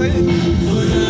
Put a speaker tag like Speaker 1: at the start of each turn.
Speaker 1: aí.